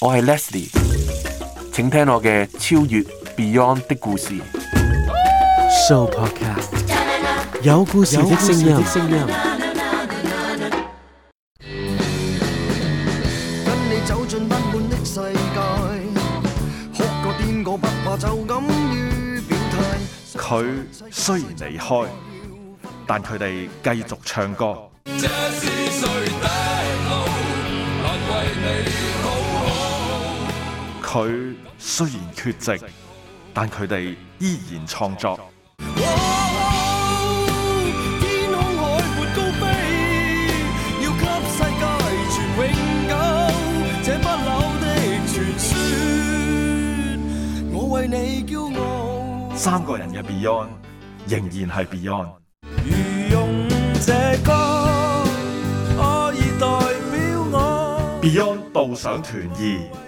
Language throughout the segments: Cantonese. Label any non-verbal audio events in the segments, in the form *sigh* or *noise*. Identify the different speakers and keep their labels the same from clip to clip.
Speaker 1: 我係 Leslie，請聽我嘅超越 Beyond 的故事。So podcast 有
Speaker 2: 故
Speaker 3: 事的聲音。
Speaker 2: 佢雖然
Speaker 3: 離開，但佢哋繼續唱歌。佢雖然缺席，但佢哋依然創
Speaker 2: 作。哦、我為你
Speaker 3: 驕傲，三個人嘅 Beyond 仍然係 Beyond。Beyond 到首團二。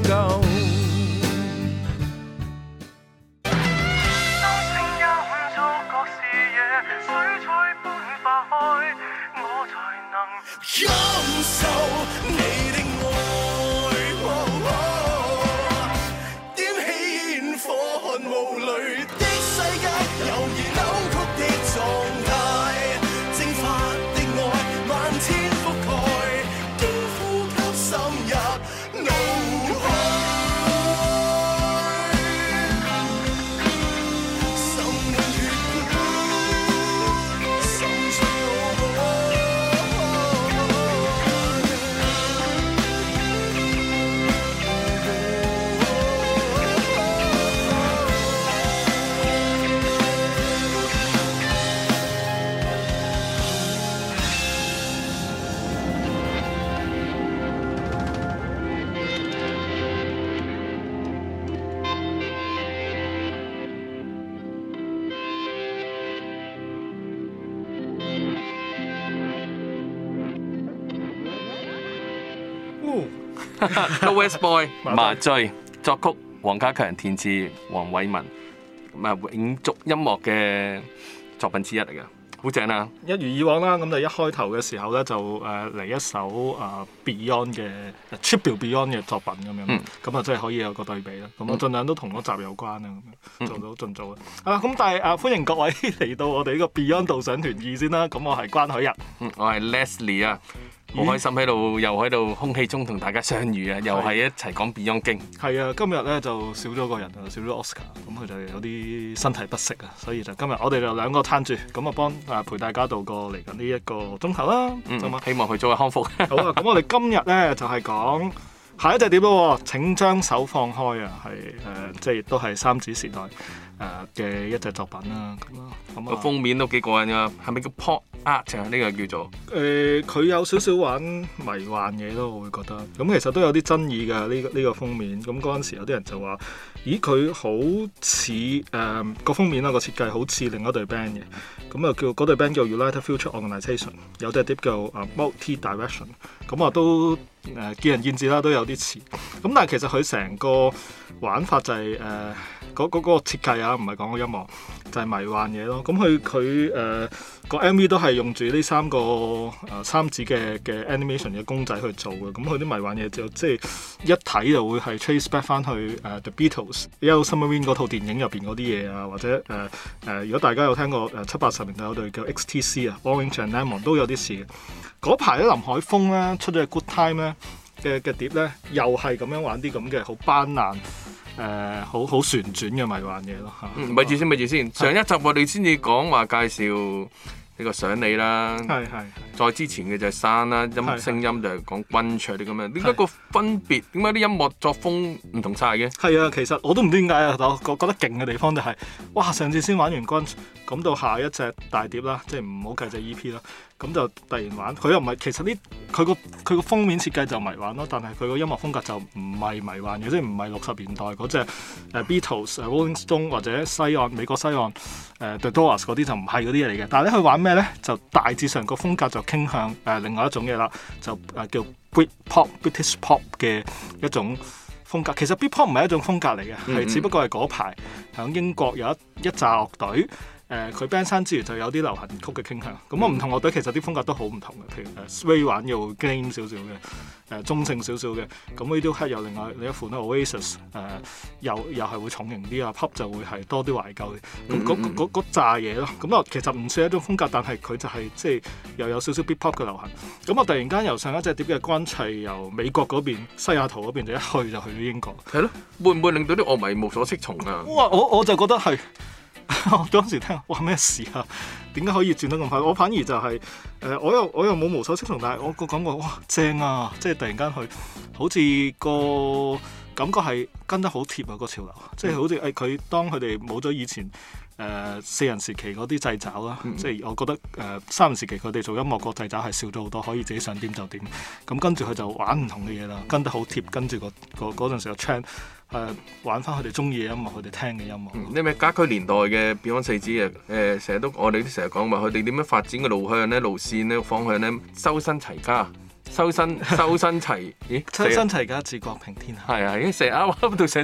Speaker 1: The、 *laughs* no、West Boy *laughs* 麻醉，作曲黃家強，填詞黃偉文，咁啊永續音樂嘅作品之一嚟㗎，好正啊！
Speaker 3: 一如以往啦，咁就一開頭嘅時候咧就誒嚟一首啊 Beyond 嘅《Trip，啊，to Beyond》嘅作品咁樣，咁啊真係可以有個對比啦。咁我盡量都同嗰集有關啊，咁樣做到盡做啊。咁但係啊，歡迎各位嚟到我哋呢個 Beyond 導賞團二先啦。咁我係關海日，
Speaker 1: 嗯、我係 Leslie 啊。好、嗯、開心喺度，又喺度空氣中同大家相遇啊！又係一齊講 Beyond 經。
Speaker 3: 係啊，今日咧就少咗個人，少咗 Oscar，咁佢就有啲身體不適啊，所以就今日我哋就兩個撐住，咁啊幫啊、呃、陪大家度過嚟緊呢一個鐘頭啦，嗯嗯嘛希望佢早日康復。 *laughs* 好啊，咁我哋今日咧就係、是、講下一隻碟咯，請將手放開啊，係誒、呃，即係亦都係三子時代。誒嘅一隻作品啦，咁啊，樣啊封面都幾過癮㗎，啊，係咪叫 Pop Art 啊？呢，這個叫做誒，佢，呃、有少少玩迷幻嘢咯，我會覺得。咁其實都有啲爭議㗎，呢、這、呢個，這個封面。咁嗰陣時有啲人就話：咦，佢好似誒，呃那個封面啦、那個設計好似另一隊 band 嘅。咁啊，叫嗰隊 band 叫 United Future Organization 有隻碟叫 Multi Direction。咁啊都。誒見仁見智啦，都有啲似。咁但係其實佢成個玩法就係誒嗰嗰個設計啊，唔係講個音樂，就係、是、迷幻嘢咯。咁佢佢誒個 MV 都係用住呢三個誒、呃、三指嘅嘅 animation 嘅公仔去做嘅。咁佢啲迷幻嘢就即係。就是一睇就會係 trace back 翻去誒 The Beatles《Yellow Submarine》嗰套電影入邊嗰啲嘢啊，或者誒誒、呃呃，如果大家有聽過誒、呃、七八十年代有隊叫 XTC 啊，Orange and Lemon 都有啲似。嘅。嗰排咧林海峰咧出咗個 Good Time 咧嘅嘅碟咧，又係咁樣玩啲咁嘅好斑斕，誒好好旋轉嘅迷幻嘢咯嚇。咪、
Speaker 1: 啊、住、嗯、先，咪住先。上一集我哋先至講話介紹。呢個想你啦，係係。再之前嘅就係山啦，音聲音就
Speaker 3: 係講 grunge 啲咁樣。點解個分別？點解啲音樂作風唔同晒嘅？係啊，其實我都唔知點解啊。我覺覺得勁嘅地方就係、是，哇！上次先玩完 grunge 咁到下一隻大碟啦，即係唔好計隻 EP 啦。咁就突然玩，佢又唔係，其實呢佢個佢個封面設計就迷幻咯，但係佢個音樂風格就唔係迷幻嘅，即係唔係六十年代嗰隻、呃、Beatles、Rolling Stone 或者西岸美國西岸誒、呃、The Doors 嗰啲就唔係嗰啲嚟嘅。但係咧佢玩咩咧？就大致上個風格就傾向誒、呃、另外一種嘢啦，就誒、呃、叫 Brit Pop、British Pop 嘅一種風格。其實 Brit Pop 唔係一種風格嚟嘅，係、嗯嗯、只不過係嗰排響英國有一一紮樂隊。誒佢 band 山之餘就有啲流行曲嘅傾向，咁啊唔同樂隊其實啲風格都好唔同嘅，譬如誒 sway 玩又 game 少少嘅，誒中性少少嘅，咁呢啲都 hit 又另外另一款咧，Oasis 又又係會重型啲啊，pop 就會係多啲懷舊嘅，咁嗰嗰嗰扎嘢咯，咁啊其實唔算一種風格，但係佢就係即係又有少少 beat pop 嘅流行，咁啊突然間由上一隻碟嘅關砌，由美國嗰邊西雅圖嗰邊就一去就去到英國，係咯，會唔會令到啲樂迷無所適從啊？我我就覺得係。 *laughs* 我當時聽，哇咩事啊？點解可以轉得咁快？我反而就係、是，誒、呃、我又我又冇無所適從，但係我個感覺，哇正啊！即係突然間去，好似個感覺係跟得好貼啊個潮流，即係好似誒佢當佢哋冇咗以前。誒、呃、四人時期嗰啲掣肘啦，嗯、即係我覺得誒、呃、三人時期佢哋做音樂嘅掣肘係少咗好多，可以自己想點就點。咁、嗯、跟住佢就玩唔同嘅嘢啦，跟得好貼，跟住個個嗰陣時個 c h a n 誒玩翻佢哋中意嘅音樂，佢哋聽嘅音樂。
Speaker 1: 啲咩、嗯、家駒年代嘅 Beyond 四子啊？誒成日都我哋都成日講話佢哋點樣發展嘅路向呢？路線咧、方向呢？修身齊家，修身修身齊，咦、 *laughs* 欸？修身齊
Speaker 3: 家治國平天
Speaker 1: 下。係啊，已經成日喺度寫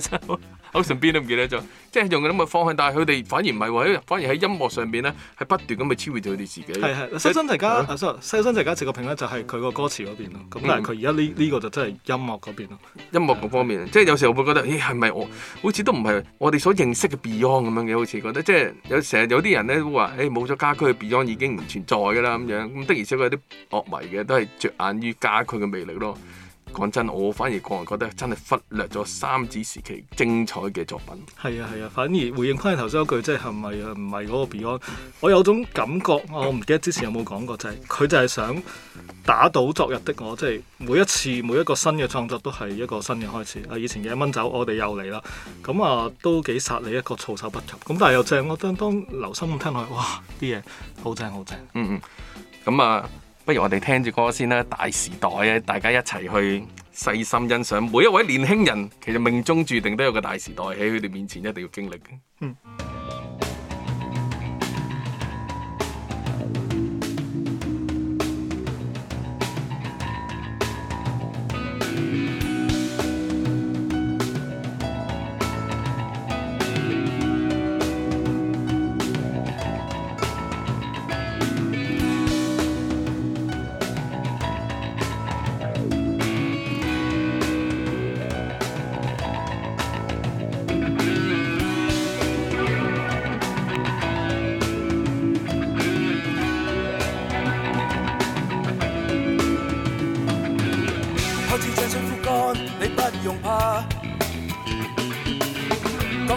Speaker 1: 喺上、 *music* 嗯、邊都唔記得咗，即係用咁嘅方向。但係佢哋反而唔係話，反而喺音樂上邊咧係不斷咁去超越住佢哋自己。係係，修身齊家，
Speaker 3: 修身齊家治國平咧就係佢個歌詞嗰邊咯。咁但係佢而家呢呢個就真係音樂嗰邊咯。嗯、音樂嗰方面，即係有時候會覺得，咦係咪我
Speaker 1: 好似都唔係我哋所認識嘅 Beyond 咁樣嘅？好似覺得即係有成日有啲人咧都話，誒冇咗家駒嘅 Beyond 已經唔存在㗎啦咁樣。咁的而且確啲樂迷嘅都係着眼於家駒嘅魅力咯。講真，我反而個人覺得真係忽略咗三子時期精彩嘅作品。
Speaker 3: 係啊，係啊，反而回應翻你頭先嗰句，即係唔係啊？唔係嗰個 Beyond。我有種感覺，我唔記得之前有冇講過，就係佢就係想打倒昨日的我。即係每一次每一個新嘅創作都係一個新嘅開始。啊，以前嘅一蚊走，我哋又嚟啦。咁啊，都幾殺你一個措手不及。咁但係又正，我當當留心咁聽落去，哇，啲嘢好正好正。
Speaker 1: 正，嗯嗯，咁啊。不如我哋聽住歌先啦，大時代咧，大家一齊去細心欣賞。每一位年輕人其實命中注定都有個大時代喺佢哋面前，一定要經歷。嗯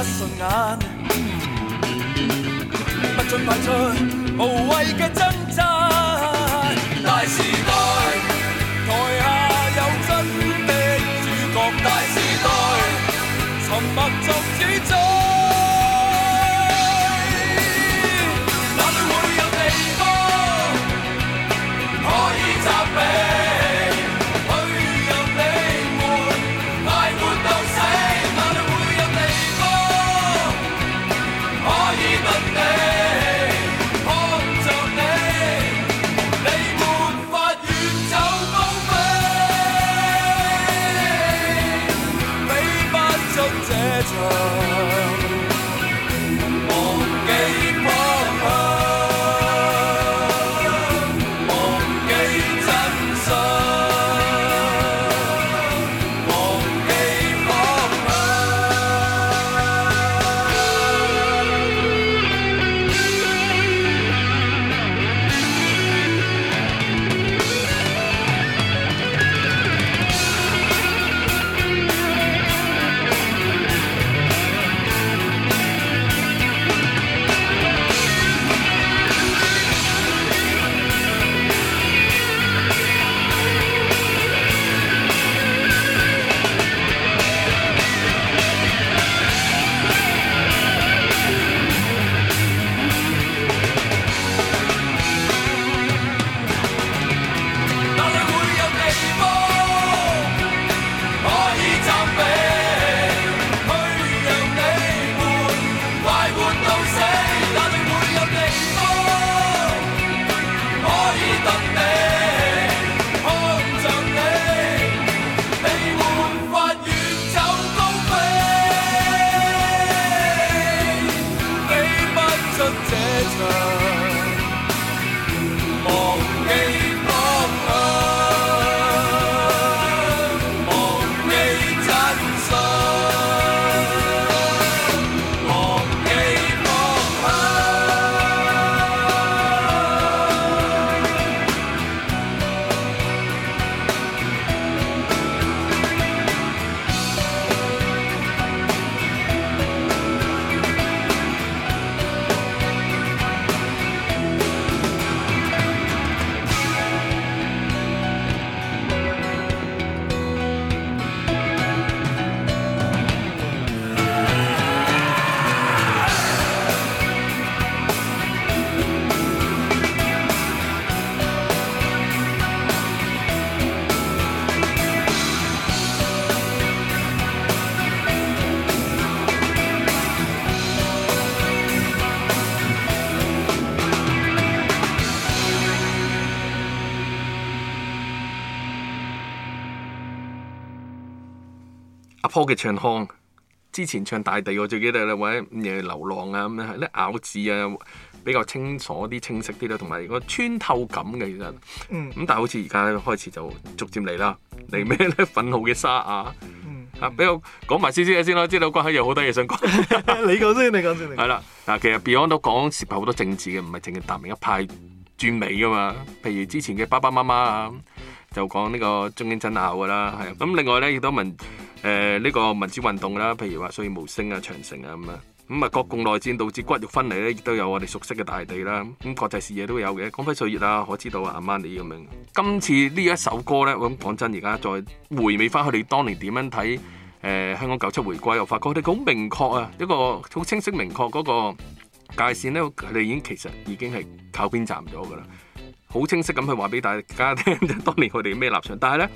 Speaker 2: 不順眼，不進快出，無謂嘅爭。
Speaker 1: 歌嘅唱腔，之前唱大地我最記得咧，或者嘢流浪啊咁樣咧，咬字啊，比較清楚啲、清晰啲啦，同埋個穿透感嘅其實、嗯，
Speaker 2: 咁、嗯、但係好
Speaker 1: 似而家開始就逐漸嚟啦，嚟咩咧？憤怒嘅沙啊，啊，比較講埋少少嘢先啦，知道關係有好多嘢想講、 *laughs* 嗯，
Speaker 3: *laughs* 你講先，你講先，係
Speaker 1: 啦，嗱，其實 Beyond、嗯、都講涉及好多政治嘅，唔係淨係達明一派專美噶嘛，譬如之前嘅爸爸媽媽啊，就講呢個中英爭拗噶啦，係，咁另外咧亦都問。嗯誒呢、呃這個民主運動啦，譬如話《所以無聲》啊，《長城》啊咁樣咁啊，國共內戰導致骨肉分離咧，亦都有我哋熟悉嘅大地啦。咁、嗯、國際視野都有嘅，《光輝歲月》啦。我知道阿媽、啊、你咁樣。今次呢一首歌咧，我諗講真，而家再回味翻佢哋當年點樣睇誒香港九七回歸，我發覺佢哋好明確啊，一個好清晰明確嗰個界線咧，佢哋已經其實已經係靠邊站咗噶啦。好清晰咁去話俾大家聽， *laughs* 當年佢哋咩立場？但係呢，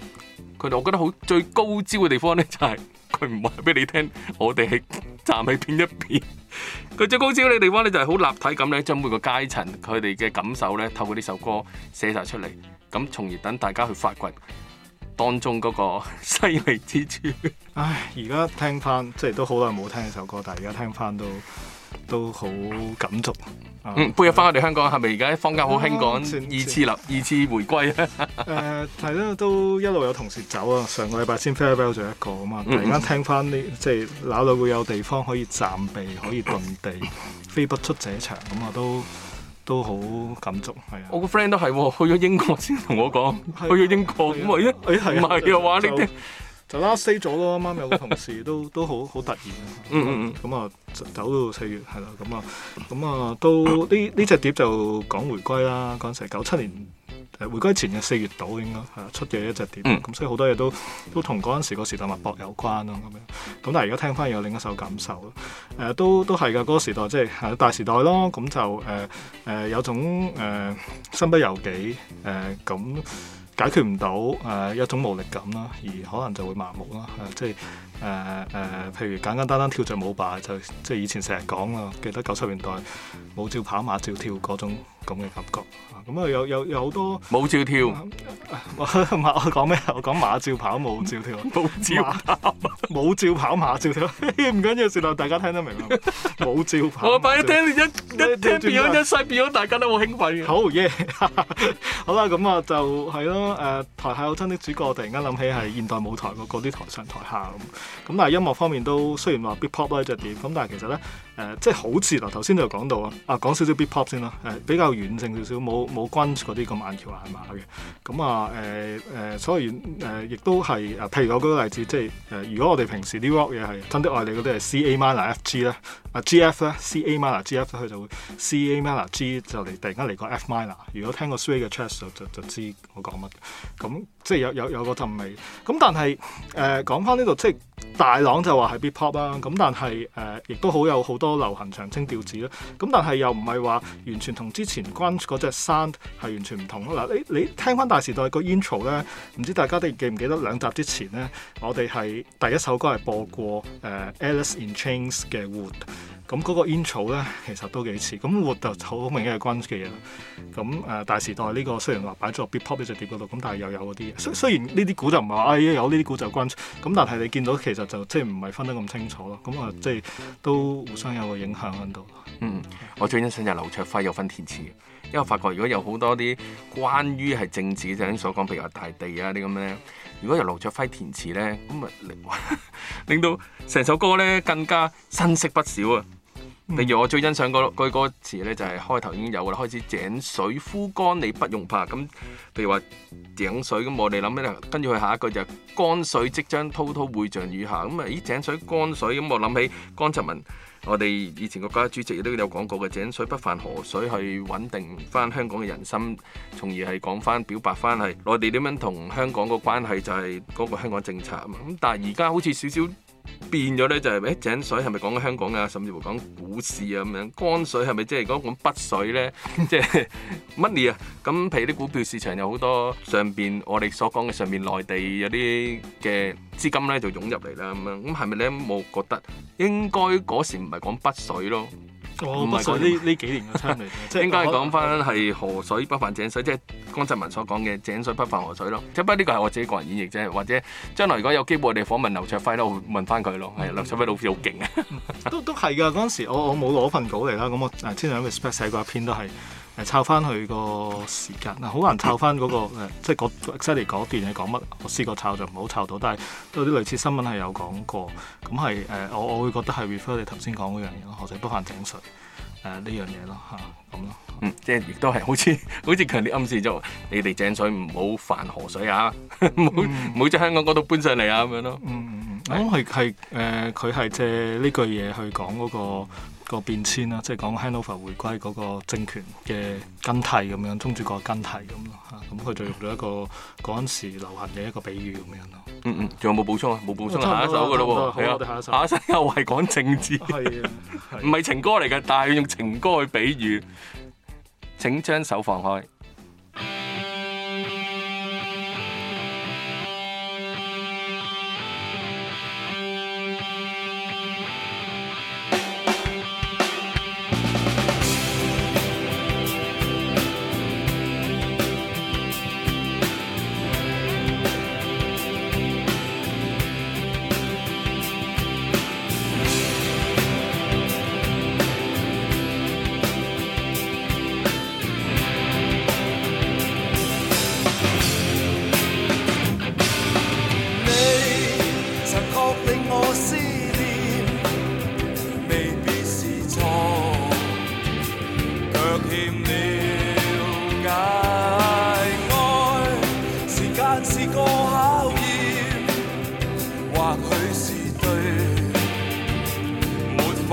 Speaker 1: 佢哋我覺得好最高招嘅地方呢，就係佢唔話俾你聽，我哋係站喺邊一邊。 *laughs* 佢最高招嘅地方呢，就係好立體咁咧，將每個階層佢哋嘅感受呢，透過呢首歌寫晒出嚟，咁從而等大家去發掘當
Speaker 3: 中嗰個犀利之處、 *laughs* 哎。唉，而家聽翻，即係都好耐冇聽呢首歌，但係而家聽翻都。都好感觸。嗯，背約翻我哋香港，係咪而家坊間好興講二次立、二次回歸啊？誒係啦，都一路有同事走啊。上個禮拜先 farewell 咗一個啊嘛。突然間聽翻呢，即係哪裏會有地方可以暫避、可以遁地，飛不出這場咁啊！都都好感觸係啊。我個 friend 都係去咗英國先同我講，去咗英國咁啊？唔係啊？話呢？就拉飛咗咯！啱啱有個同事 *laughs* 都都好好突然咁、嗯嗯、啊，走到四月係啦，咁啊，咁啊，啊，都呢呢隻碟就講回歸啦。嗰陣時九七年，回歸前嘅四月度應該係、啊、出嘅一隻碟。咁、嗯、所以好多嘢都都同嗰陣時個時代脈搏有關咯、啊。咁樣咁，但係而家聽翻有另一首感受咯。誒、啊，都都係噶嗰個時代，即係大時代咯。咁就誒誒、呃呃呃呃、有種誒身不由己誒咁。呃呃呃嗯嗯解決唔到誒一種無力感啦，而可能就會麻木啦，即係誒誒，譬如簡簡單單跳著舞吧，就即係以前成日講啊，記得九十年代舞照跑、馬照跳嗰種咁嘅感覺。咁啊、嗯，有有有好多舞照跳，我講咩？我講馬照跑，舞照跳。舞照跑，舞照馬照跳。唔 *laughs* 緊要，算啦，大家聽得明舞 *laughs* 照跑。
Speaker 2: 我擺說啲照聽，一一聽變咗，一細變咗，
Speaker 3: 大
Speaker 1: 家都好興奮
Speaker 3: 嘅。好 y、yeah, *laughs* 好啦，咁啊就係咯。誒、呃、台下有真的主角，我突然間諗起係現代舞台嗰啲台上台下咁。咁但係音樂方面都雖然話 big pop 咧就點咁，但係其實咧。誒、呃、即係好似啊，頭先又講到啊，啊講少少 beat pop 先啦，誒、呃、比較軟淨少少，冇冇軍嗰啲咁硬橋硬馬嘅，咁啊誒誒所以誒亦、呃、都係啊，譬如我舉個例子，即係誒、呃、如果我哋平時啲 rock 嘢係真的愛你嗰啲係 C A minor F G 咧，啊 G F 咧 C A minor G F 佢就會 C A minor G 就嚟突然間嚟個 F minor，如果聽過 three 嘅 c h a s s 就就就，就知我講乜，咁、嗯、即係有有有個陣味，咁、嗯、但係誒、呃、講翻呢度即係。大朗就話係 beat pop 啦、啊，咁但係誒，亦、呃、都好有好多流行長青調子啦。咁但係又唔係話完全同之前 Grunge 嗰隻山係完全唔同咯。嗱、啊，你你聽翻《大時代呢》個 intro 咧，唔知大家記唔記得兩集之前咧，我哋係第一首歌係播過誒、呃《Alice in Chains》嘅《Would》。咁嗰個煙草咧，其實都幾似。咁活就好明顯係關嘅嘢啦。咁誒、呃、大時代呢、呢個雖然話擺咗個 B Pop 呢隻碟嗰度，咁但係又有嗰啲。雖雖然呢啲股就唔係話，哎呀有呢啲股就關係。咁但係你見到其實就即係唔係分得咁清楚咯。咁啊即係都互相有個影響喺度。嗯，
Speaker 1: 我最欣賞就劉卓輝有分填詞嘅，因為我發覺如果有好多啲關於係政治就啲所講，譬如話大地啊啲咁咧，如果由劉卓輝填詞咧，咁啊令令到成首歌咧更加生色不少啊！例如我最欣賞個句歌詞咧，就係開頭已經有噶啦，開始井水枯乾你不用怕。咁，譬如話井水咁，我哋諗起啦，跟住佢下一句就係乾水即將滔滔匯象雨下。咁啊，咦井水乾水咁，我諗起江澤民，我哋以前國家主席亦都有講過嘅井水不犯河水，去穩定翻香港嘅人心，從而係講翻表白翻係內地點樣同香港個關係，就係嗰個香港政策啊嘛。咁但係而家好似少少。變咗咧就係，誒井水係咪講緊香港啊，甚至乎講股市啊咁樣，江水係咪即係講講北水咧，即係 money 啊，咁譬如啲股票市場有好多上邊我哋所講嘅上邊內地有啲嘅資金咧就湧入嚟啦，咁樣，咁係咪咧冇覺得應該嗰時唔係講北水咯？我唔係呢，呢幾年嘅差別，應該係講翻係河水不犯井水， *laughs* 即係江澤民所講嘅井水不犯河水咯。即不過呢個係我自己個人演繹啫，或者將來如果有機會我哋訪問劉卓輝都會問翻佢咯。係、嗯、劉卓輝老師好勁嘅，
Speaker 3: 都都係㗎。嗰陣時我我冇攞份稿嚟啦，咁我啊千上 respect 寫過一篇都係。誒抄翻佢個時間啊，好難抄翻嗰個即係講犀利講段嘢講乜，我試過抄就唔好抄到，但係都有啲類似新聞係有講過，咁係誒，我我會覺得係 refer 你頭先講嗰樣嘢咯，河水不犯井水誒呢、呃 eh，樣嘢咯嚇咁咯。
Speaker 1: 啊嗯嗯、即係亦都係好似好似強烈暗示咗，你哋井水唔好犯河水啊，唔好唔好將香港嗰度搬上嚟啊咁樣咯。嗯
Speaker 3: 嗯嗯，咁係係佢係借呢句嘢去講嗰個。嗯個變遷啦，即係講 handover 回歸嗰個政權嘅更替咁樣，宗主國嘅更替咁咯嚇，咁佢就用咗一個嗰陣時流行嘅一個比喻咁樣咯。嗯嗯，仲有冇補充啊？冇補充，補充啊、下一首嘅咯喎，係啊，下一首
Speaker 1: 下一首，又係講政治，係、哦、啊，唔係、啊、 *laughs* 情歌嚟㗎，但係要用情歌去比喻，請將手放開。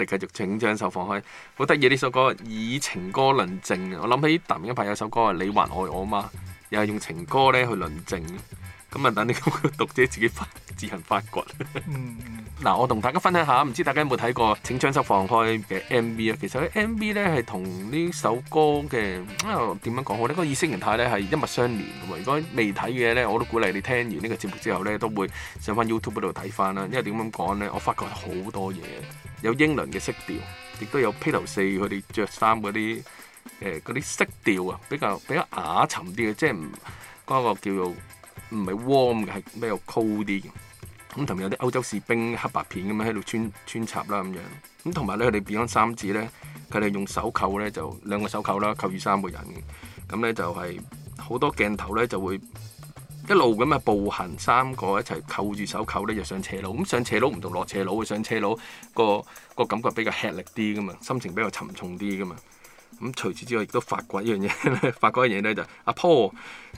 Speaker 1: 你繼續請將手放開，好得意，呢首歌以情歌論證。我諗起達明一派有首歌係你還愛我嗎，又係用情歌咧去論證，咁啊等你讀者自己發自，自行發掘。 *laughs* 嗯嗱，我同大家分享下，唔知大家有冇睇過《請將手放開》嘅 MV 啊？其實 MV 咧係同呢首歌嘅點樣講好咧？個意識形態咧係一脈相連嘅喎。如果未睇嘅咧，我都鼓勵你聽完呢個節目之後咧，都會上翻 YouTube 嗰度睇翻啦。因為點樣講咧，我發覺好多嘢有英倫嘅色調，亦都有披頭四佢哋著衫嗰啲誒嗰啲色調啊，比較比較啞沉啲嘅，即係唔嗰個叫做唔係 warm 嘅，係比較 cold 啲嘅。咁同埋有啲歐洲士兵黑白片咁樣喺度穿穿插啦咁樣，咁同埋咧佢哋 Beyond 三子咧，佢哋用手扣咧就兩個手扣啦，扣住三個人嘅，咁咧就係、是、好多鏡頭咧就會一路咁啊步行三個一齊扣住手扣咧就上斜路，咁上斜路唔同落斜路嘅，上斜路個個感覺比較吃力啲噶嘛，心情比較沉重啲噶嘛。咁除此之外，亦都發掘一樣嘢發掘一樣嘢咧就阿、是、Paul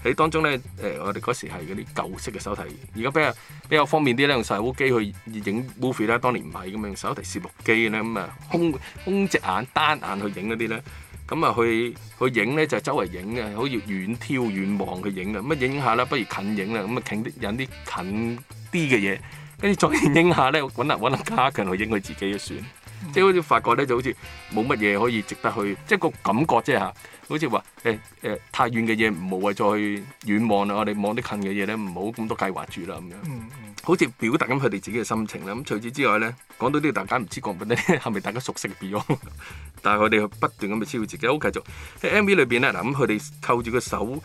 Speaker 1: 喺當中咧，誒、呃，我哋嗰時係嗰啲舊式嘅手提，而家比較比較方便啲咧，用細烏機去影 movie 啦。當年唔係咁樣用手提攝錄機咧，咁啊，空空隻眼單眼去影嗰啲咧，咁啊去去影咧就是、周圍影嘅，好似遠眺遠望去影嘅，咁啊影下啦，不如近影啦，咁啊傾啲引啲近啲嘅嘢，跟住再影下咧，揾下揾下加強去影佢自己嘅算。即係好似發覺咧，就好似冇乜嘢可以值得去，即係個感覺啫、就、嚇、係，好似話誒誒太遠嘅嘢唔好再去遠望啦，我哋望啲近嘅嘢咧，唔好咁多計劃住啦咁樣。嗯嗯、好似表達緊佢哋自己嘅心情啦。咁、嗯、除此之外咧，講到呢、呢個大家唔知講唔講得，係 *laughs* 咪大家熟悉嘅 Beyond？ *laughs* 但係佢哋不斷咁去超自己，好繼續喺 MV 裏邊咧，嗱咁佢哋扣住個手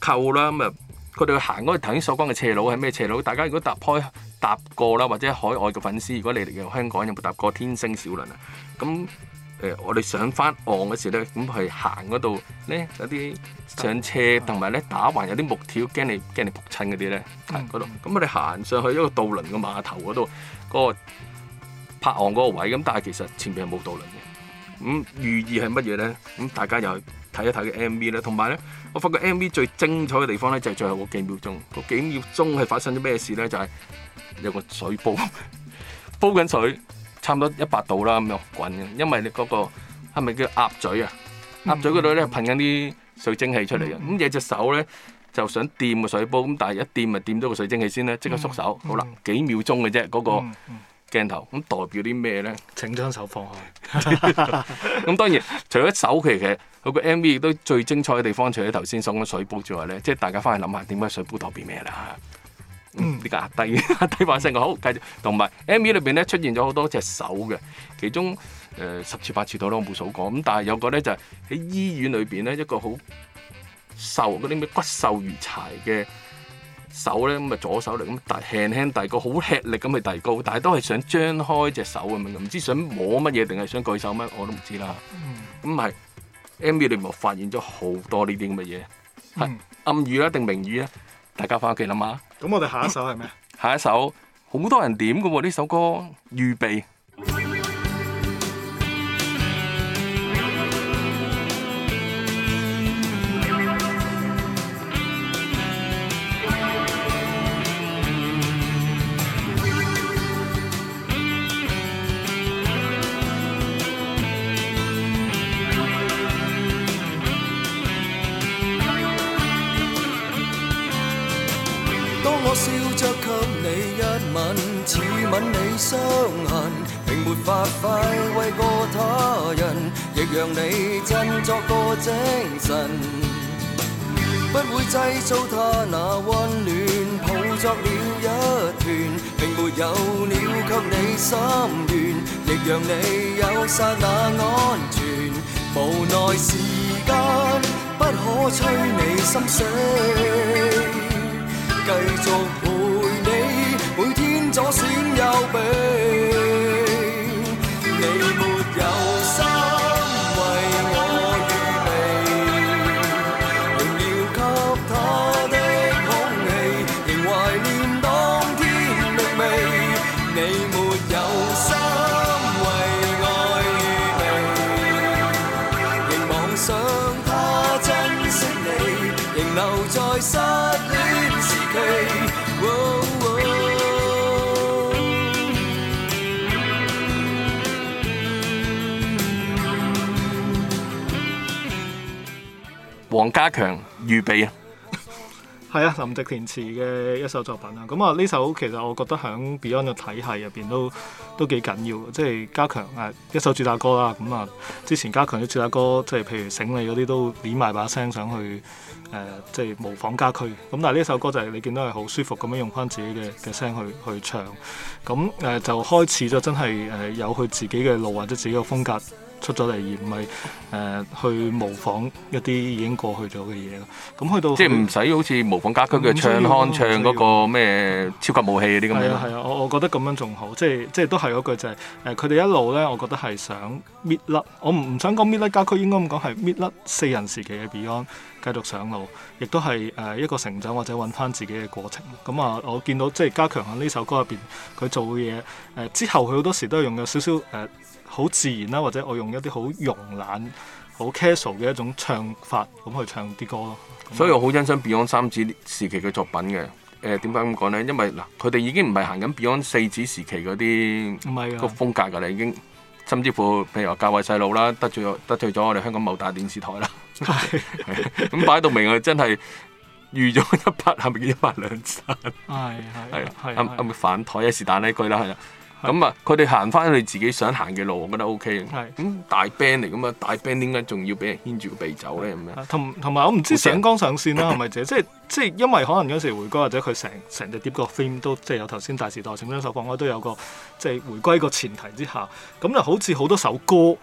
Speaker 1: 扣啦，咁啊～佢哋去行嗰個頭先所講嘅斜路係咩斜路？大家如果搭開搭過啦，或者海外嘅粉絲，如果你嚟香港有冇搭過天星小輪啊？咁誒、呃，我哋上翻岸嗰時咧，咁係行嗰度咧有啲上斜同埋咧打橫有啲木條，驚你驚你撲親嗰啲咧，度。咁我哋行上去一個渡輪嘅碼頭嗰度，嗰、嗰個泊岸嗰個位，咁但係其實前面係冇渡輪嘅。咁寓意係乜嘢咧？咁大家又？睇一睇嘅 MV 啦，同埋咧，我發覺 MV 最精彩嘅地方咧，就係最後嗰幾秒鐘。嗰幾秒鐘係發生咗咩事咧？就係有個水煲，煲緊水，差唔多一百度啦咁樣滾嘅。因為你、那、嗰個係咪叫鴨嘴啊？鴨嘴嗰度咧噴緊啲水蒸氣出嚟嘅。咁有隻手咧就想掂個水煲，咁但係一掂咪掂咗個水蒸氣先咧，即刻縮手。好啦，幾秒鐘嘅啫嗰個。鏡頭咁代表啲咩咧？請將手放開。咁 *laughs* *laughs* 當然除咗手，其實佢個 MV 亦都最精彩嘅地方，除咗頭先送咗水煲之外咧，即係大家翻去諗下點解水煲代表咩啦？嗯，呢格、嗯這個、低低化聲、嗯、好繼續。同埋 MV 裏邊咧出現咗好多隻手嘅，其中誒、呃、十次八次到啦，我冇數過。咁但係有個咧就係、是、喺醫院裏邊咧一個好瘦嗰啲咩骨瘦如柴嘅。手咧咁啊，左手嚟咁提輕輕提高，好吃力咁去提高，但係都係想張開隻手咁樣，唔知想摸乜嘢定係想舉手乜，我都唔知啦。咁係 MV 裏面發現咗好多呢啲咁嘅嘢，暗語啦定明語啊，大家翻屋企諗下。
Speaker 3: 咁我哋下一首係咩？
Speaker 1: 下一首好多人點㗎喎，呢首歌，預備。
Speaker 2: 追他那温暖，抱作了一團，並沒有了給你心願，亦讓你有剎那安全。無奈時間不可催你心死，繼續陪你每天左閃右避。
Speaker 1: 黃家強預備
Speaker 3: 啊，係 *laughs* 啊，林夕填詞嘅一首作品啊。咁啊，呢首其實我覺得喺 Beyond 嘅體系入邊都都幾緊要。即係家強啊，一首主打歌啦。咁啊，之前家強啲主打歌即係譬如《醒你》嗰啲都捏埋把聲上去誒、呃，即係模仿家駒。咁但係呢首歌就係、是、你見到係好舒服咁樣用翻自己嘅嘅聲去去唱。咁誒、呃、就開始咗真係誒、呃、有佢自己嘅路或者自己嘅風格。出咗嚟而唔係誒去模仿一啲已經過去咗嘅嘢咯，咁去到即係唔
Speaker 1: 使好似模仿家駒嘅唱腔，啊、唱嗰個咩超級武器嗰啲咁樣。係啊係
Speaker 3: 啊，我我覺得咁樣仲好，即係即係都係嗰句就係誒，佢哋一路咧，我覺得係想搣甩，我唔唔想講搣甩家駒，應該咁講係搣甩四人時期嘅 Beyond 繼續上路，亦都係誒、呃、一個成長或者揾翻自己嘅過程。咁、嗯、啊、呃，我見到即係加強下呢首歌入邊佢做嘅嘢，誒、呃、之後佢好多時都係用咗少少誒。呃好自然啦，或者我用一啲好慵懶、好 casual 嘅一種唱法咁去唱啲歌咯。所以我好欣賞
Speaker 1: Beyond 三子時期嘅作品嘅。誒點解咁講咧？因為嗱，佢哋已經唔係行緊 Beyond 四子時期嗰啲個風格㗎啦，已經。甚至乎，譬如話教壞細路啦，得罪得罪咗我哋香港某大電視台啦。係。咁擺到明啊，真係預咗一拍，係咪叫一拍兩
Speaker 3: 散？係係係。咁咁
Speaker 1: 反台一是但呢句啦，係啦。咁啊，佢哋行翻佢自己想行嘅路，我覺得 OK。係咁是、嗯、大 band 嚟，
Speaker 3: 咁啊大 band 點解仲要俾人牽住個鼻走咧？咁樣同同埋我唔知上綱上線啦，係咪即係即係因為可能有時回歸，或者佢成成隻碟個 theme 都即係、就是、有頭先大時代、情深首放開咧，都有個即係、就是、回歸個前提之下，咁就好似好多首歌。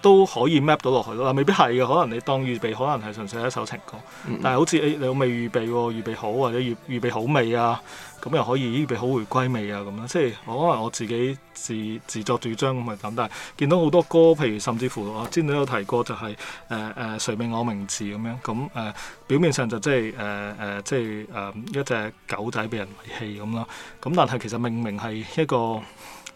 Speaker 3: 都可以 map 到落去咯，未必係嘅，可能你當預備，可能係純粹一首情歌，mm hmm. 但係好似、哎、你你未預備喎、哦，預備好或者預預備好未啊，咁又可以預備好回歸未啊，咁咯，即係可能我自己自自作主張咁嚟諗，但係見到好多歌，譬如甚至乎我之前都有提過、就是，就係誒誒誰命我名字咁樣，咁誒、呃、表面上就即係誒誒即係誒、呃、一隻狗仔俾人遺棄咁咯，咁但係其實明明係一個。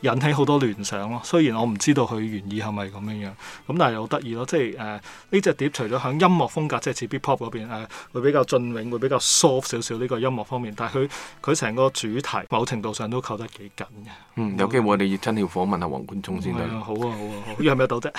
Speaker 3: 引起好多聯想咯，雖然我唔知道佢原意係咪咁樣樣，咁但係又好得意咯，即係誒呢隻碟除咗響音樂風格，即係似 beat pop 嗰邊誒，uh, 會比較俊永，會比較 soft 少少呢個音樂方面，sound, 但係佢佢成個主題某程度上都扣得幾緊嘅。嗯，prising.
Speaker 1: 有機會，會 оче, 我哋要真係要訪問下黃貫中先得。好啊，
Speaker 3: 好啊，好約唔約到啫？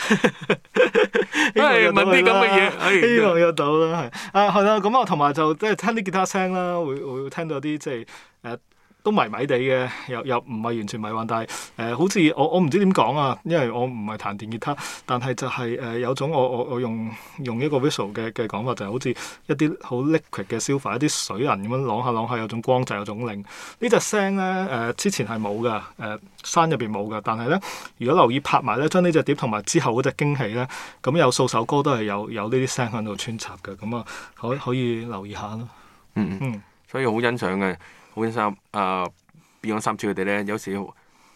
Speaker 3: 因為，問啲咁嘅嘢，希望，希望、uh huh. 約到啦，係啊，係啦，咁啊，同埋就即係聽啲吉他聲啦，會會聽到啲即係誒。都迷迷地嘅，又又唔係完全迷幻，但係誒、呃，好似我我唔知點講啊，因為我唔係彈電吉他，但係就係、是、誒、呃、有種我我我用用一個 visual 嘅嘅講法、就是，就係好似一啲好 liquid 嘅 silver，一啲水銀咁樣啷下啷下有種光澤，有種靈。種聲呢隻聲咧誒，之前係冇㗎，誒、呃、山入邊冇㗎，但係咧如果留意拍埋咧，將呢隻碟同埋之後嗰隻驚喜咧，咁有數首歌都係有有呢啲聲喺度穿插㗎，咁啊可以可以留意下咯。嗯嗯，
Speaker 1: 所以好欣賞嘅。本身、嗯、三次，誒變咗三次，佢哋咧有時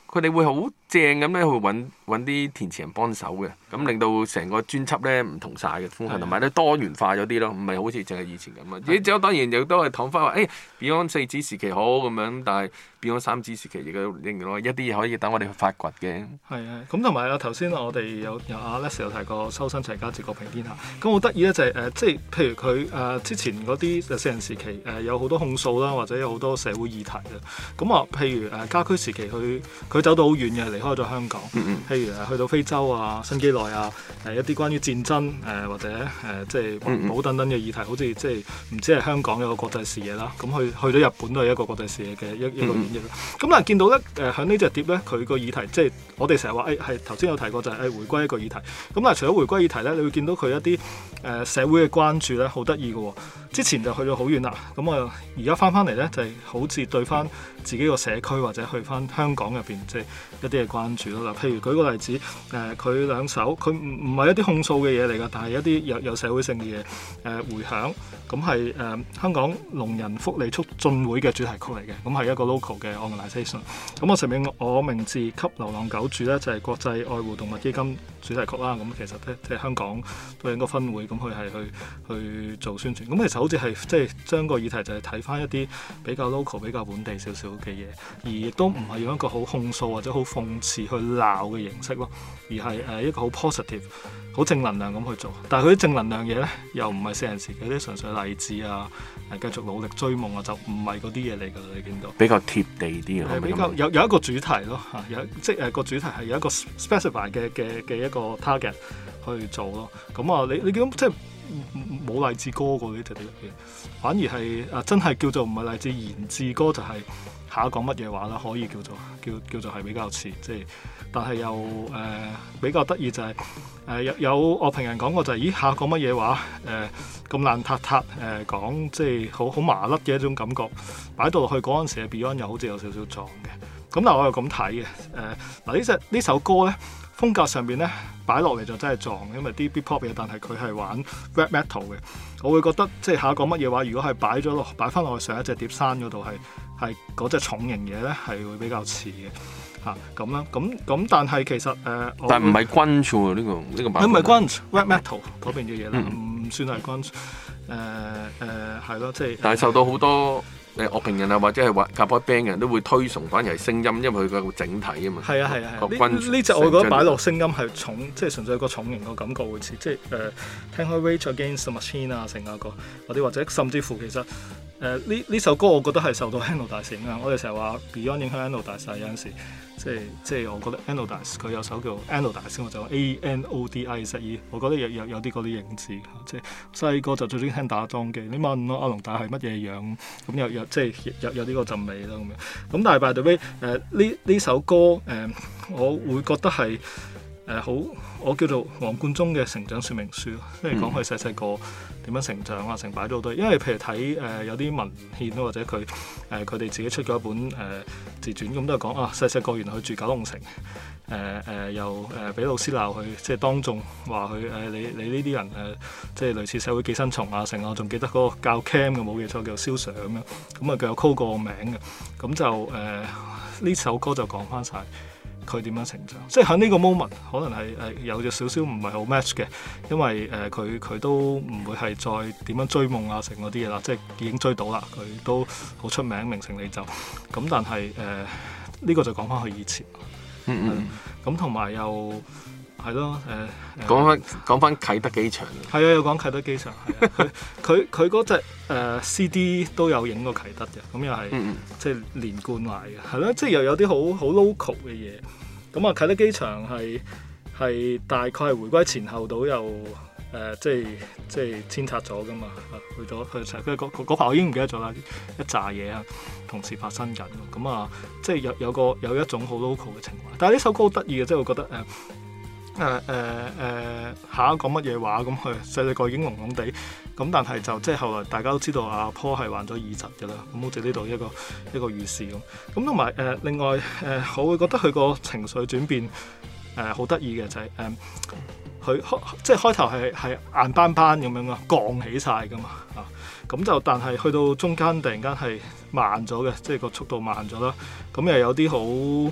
Speaker 1: 佢哋會好正咁咧，佢揾揾啲填詞人幫手嘅，咁令到成個專輯咧唔同晒嘅風格，同埋咧多元化咗啲咯，唔係好似淨係以前咁啊。啲歌的當然亦都係講翻話，誒、欸、Beyond 四子時期好咁樣，但係 Beyond 三子時期亦都仍然攞一啲嘢可以等我哋去發掘嘅。
Speaker 3: 係啊，咁同埋啊，頭先我哋有有阿 Leslie 有提過《修身齊家治國平天下》就是。咁好得意咧，就係誒，即係譬如佢誒、呃、之前嗰啲四人時期誒、呃、有好多控訴啦，或者有好多社會議題啊。咁啊，譬如誒家駒時期，佢佢走到好遠嘅離開咗香港，譬如去到非洲啊、新幾內亞、啊，誒、呃、一啲關於戰爭誒、呃、或者誒、呃、即係環保等等嘅議題，好似即係唔知係香港嘅國際視野啦。咁去去到日本都係一個國際視野嘅一個野一個演繹。咁啊、嗯，但見到咧誒，響、呃、呢隻碟咧，佢個議題即係我哋成日話誒係頭先有提過，就係回歸一個議題。咁啊，除咗回歸議題咧，你會見到佢一啲誒、呃、社會嘅關注咧，好得意嘅。之前就去咗好遠啦，咁啊而家翻翻嚟咧，就係、是、好似對翻自己個社區或者去翻香港入邊即係一啲關注咯，譬如舉個例子，誒、呃、佢兩首，佢唔唔係一啲控訴嘅嘢嚟㗎，但係一啲有有社會性嘅嘢誒迴響。咁係誒香港聾人福利促進會嘅主題曲嚟嘅，咁係一個 local 嘅 organisation。咁我承認我名字給流浪狗住咧就係、是、國際愛護動物基金主題曲啦。咁其實咧即係香港都有個分會，咁佢係去去做宣傳。咁其實好似係即係將個議題就係睇翻一啲比較 local 比較本地少少嘅嘢，而亦都唔係用一個好控訴或者好諷刺去鬧嘅形式咯，而係誒一個好 positive。好正能量咁去做，但係佢啲正能量嘢咧，又唔係成人時啲純粹勵志啊，誒繼續努力追夢啊，就唔係嗰啲嘢嚟㗎啦，你見到比較貼地啲啊，比較有有一個主題咯嚇，有即係個、呃、主題係有一個 specify 嘅嘅嘅一個 target 去做咯。咁啊，你你見到即係冇勵志歌嗰啲就啲嘢，反而係啊真係叫做唔係勵志言志歌，就係、是。下一講乜嘢話啦？可以叫做叫叫做係比較似，即係但係又誒、呃、比較得意就係誒有有我評人講過就係、是、咦下一個、呃踏踏呃、講乜嘢話，誒咁爛塌塌誒講，即係好好麻甩嘅一種感覺擺到落去嗰陣時嘅 Beyond 又好似有少少撞嘅，咁但我又咁睇嘅誒嗱呢隻呢首歌咧風格上邊咧，擺落嚟就真係撞，因為啲 Beat Pop 嘅，但係佢係玩 rap metal 嘅，我會覺得即係下一講乜嘢話，如果係擺咗落擺翻落去上一隻碟山嗰度係。係嗰隻重型嘢咧，係會比較似嘅嚇咁啦，咁、啊、咁但係其實誒，呃、但係唔係軍
Speaker 1: 喎呢個呢、呢個品，佢唔係軍
Speaker 3: ，Red Metal 嗰邊嘅嘢啦，唔、嗯、算係軍誒誒，係、呃、咯，即係，但係
Speaker 1: 受到好多。誒樂評人啊，或者係話夾 band 嘅人都會推崇，反而係聲音，因為佢個整體啊嘛。係啊係個啊係。呢呢隻我覺得擺落
Speaker 3: 聲音係重，即係純粹個重型個感覺會似，即係誒聽開《uh, Rage Against the Machine》啊，成啊個，或者或者甚至乎其實誒呢呢首歌我覺得係受到聽度大影響。我哋成日話 Beyond 影響聽度大曬，有陣時。即係即係，我覺得 Anodize 佢有首叫 Anodize 我就 A N O D I 十二，Z e，我覺得有有啲嗰啲影子，即係細個就最中意聽打樁機，你問我阿龍大係乜嘢樣？咁有有即係有有呢個陣味啦。咁樣，咁但係 by the way 誒呢呢首歌誒、呃，我會覺得係誒好。呃我叫做黃貫中嘅成長説明書咯，即係講佢細細個點樣成長啊，成擺咗好多。因為譬如睇誒、呃、有啲文獻或者佢誒佢哋自己出咗一本誒、呃、自傳，咁都係講啊細細個原來佢住九龍城，誒、呃、誒、呃、又誒俾、呃、老師鬧佢，即係當眾話佢誒你你呢啲人誒、呃、即係類似社會寄生蟲啊，成啊我仲記得嗰個教 cam 嘅冇記錯叫蕭 Sir 咁樣，咁啊佢有 call 過我名嘅，咁就誒呢、呃、首歌就講翻晒。佢點樣成長？即係喺呢個 moment，可能係係、呃、有咗少少唔係好 match 嘅，因為誒佢佢都唔會係再點樣追夢啊，成嗰啲嘢啦，即係已經追到啦，佢都好出名名成利就。咁但係誒呢個就講返佢以前。嗯嗯、 *laughs* 啊。咁同埋又。係咯，誒，講翻
Speaker 1: 講翻啟德機
Speaker 3: 場，係啊，又講啟德機場，佢佢嗰隻、呃、C D 都有影過啟德嘅，咁又係、嗯嗯、即係連貫埋嘅，係咯，即係又有啲好好 local 嘅嘢。咁啊，啟德機場係係大概係回歸前後度又誒，即係即係遷拆咗噶嘛。去咗去成，跟住嗰排我已經唔記得咗啦，一紮嘢啊同時發生緊咁啊，即係有有個有一種好 local 嘅情懷。但係呢首歌好得意嘅，即、就、係、是、我覺得誒。呃誒誒誒，下一、呃呃啊、講乜嘢話咁佢、嗯、細細個已經聾咁地，咁但係就即係後來大家都知道阿坡係患咗耳疾嘅啦，咁好似呢度一個一個預示咁。咁同埋誒，另外誒、呃，我會覺得佢個情緒轉變誒好得意嘅就係、是、誒，佢、呃、開即係開頭係係硬邦邦咁樣嘅，降起晒㗎嘛啊，咁就但係去到中間突然間係慢咗嘅，即係個速度慢咗啦，咁又有啲好。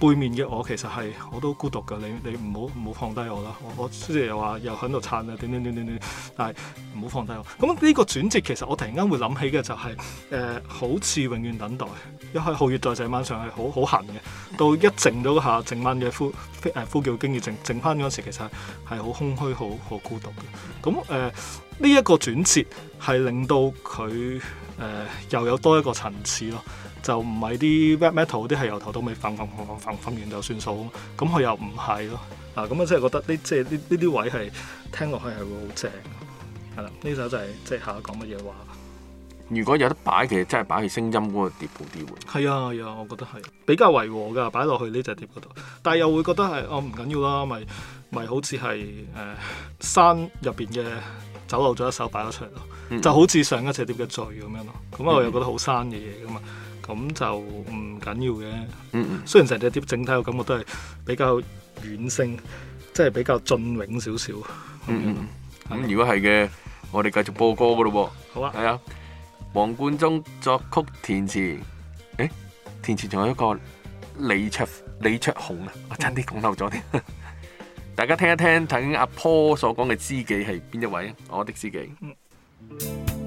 Speaker 3: 背面嘅我其實係我都孤獨嘅，你你唔好唔好放低我啦，我我於是又話又喺度撐啊，點點點點點，但係唔好放低我。咁呢個轉折其實我突然間會諗起嘅就係、是、誒、呃，好似永遠等待，一開皓月在這晚上係好好恆嘅，到一靜咗下靜默嘅呼誒、呃、呼叫經驗靜靜翻嗰時，其實係係好空虛好好孤獨嘅。咁誒呢一個轉折係令到佢。誒、呃、又有多一個層次咯，就唔係啲 rap metal 啲係由頭到尾訓訓訓訓訓完就算數，咁、嗯、佢又唔係咯，嗱咁啊真係覺得呢即係呢呢啲位係聽落去係會好正，係、啊、啦，呢首就係、是、即係下講乜嘢話？如果有得擺，其實真係擺起聲音嗰個碟好啲喎。係啊係啊，我覺得係比較違和㗎，擺落去呢隻碟嗰度，但係又會覺得、啊、係哦唔緊要啦，咪咪好似係誒山入邊嘅。走漏咗一手擺咗出嚟咯，嗯、就好似上一隻碟嘅罪咁樣咯。咁、嗯、我又覺得好生嘅嘢噶嘛，咁就唔緊要嘅。嗯嗯、雖然成係隻碟整體個感覺都係比較軟性，即、就、係、是、比較俊永少少。
Speaker 1: 咁如果係嘅，嗯、我哋繼續播歌噶咯。好啊，係啊。黃冠中作曲填詞，誒，填詞仲有一個李卓李卓雄啊，我差啲講漏咗添。嗯 *laughs* 大家聽一聽睇阿 Paul 所講嘅知己係邊一位？我的知己。 *music*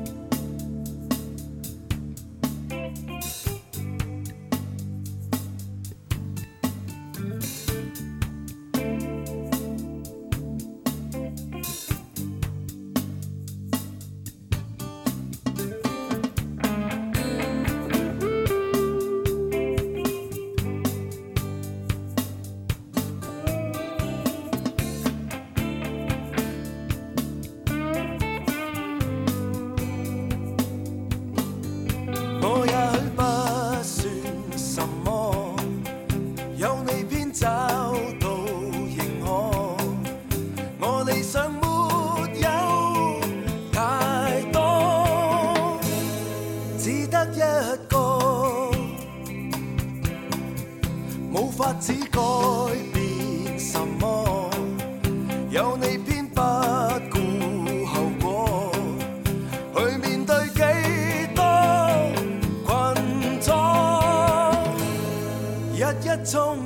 Speaker 2: 冇法子改變什麼，有你偏不顧後果，去面對幾多困阻，一一衝。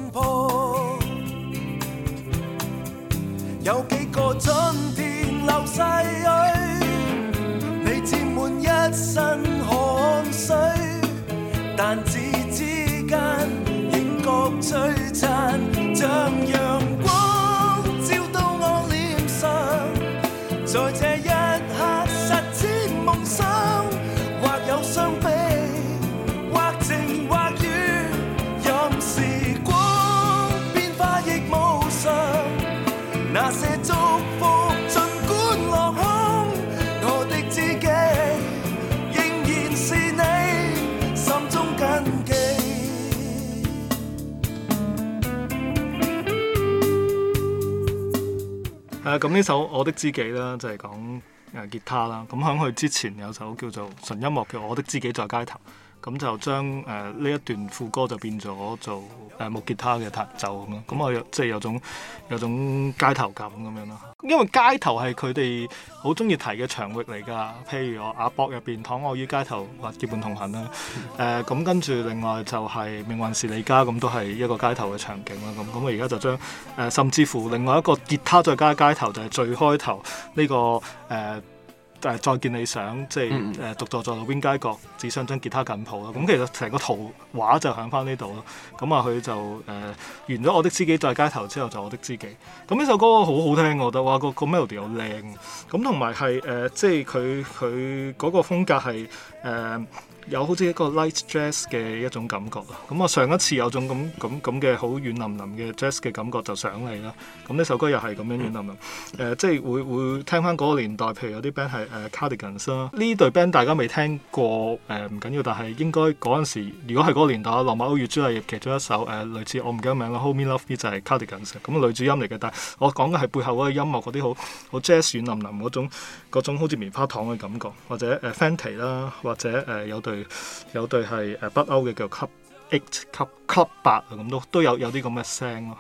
Speaker 3: 咁呢首《我的知己》啦，就係、是、講誒吉他啦。咁喺佢之前有首叫做純音樂叫《我的知己》在街頭。咁就將誒呢一段副歌就變咗做誒、呃、木吉他嘅彈奏咁咯，咁我即係有種有種街頭感咁樣咯。因為街頭係佢哋好鍾意提嘅場域嚟㗎，譬如我阿博入邊躺臥於街頭或、啊、結伴同行啦。誒、呃、咁跟住另外就係命運是你家咁，都係一個街頭嘅場景啦。咁咁我而家就將誒、呃、甚至乎另外一個吉他再加街，街頭就係最開頭呢、這個誒。呃誒，再見理想，即係誒獨坐在路邊街角，只想將吉他緊抱啦。咁、嗯、其實成個圖畫就喺翻呢度咯。咁、嗯、啊，佢就誒、呃、完咗我的知己在街頭之後就，就我的知己。咁呢、嗯、首歌好好聽，我覺得。哇，這個 melody 好靚，咁同埋係誒，即係佢佢嗰個風格係誒。呃有好似一個 light jazz 嘅一種感覺咯，咁、嗯、我上一次有種咁咁咁嘅好軟腍腍嘅 jazz 嘅感覺就上嚟啦，咁呢首歌又係咁樣軟腍腍，誒、嗯嗯、即係會會聽翻嗰個年代，譬如有啲 band 係誒 Cardigans 啦，呢、uh, 隊、啊、band 大家未聽過誒唔緊要，但係應該嗰陣時如果係嗰個年代，啊，羅密歐與朱麗葉其中一首誒、呃、類似我唔記得名啦 h o m i e Love me 就係 Cardigans 咁、啊、女、嗯、主音嚟嘅，但係我講嘅係背後嗰個音樂嗰啲好好 jazz 軟腍腍嗰種嗰種好似棉花糖嘅感覺，或者誒、uh, f e n t y 啦，或者誒、uh, 有對。有對係誒北歐嘅叫 Club 8，Club Club 8，啊，咁都都有有啲咁嘅聲咯，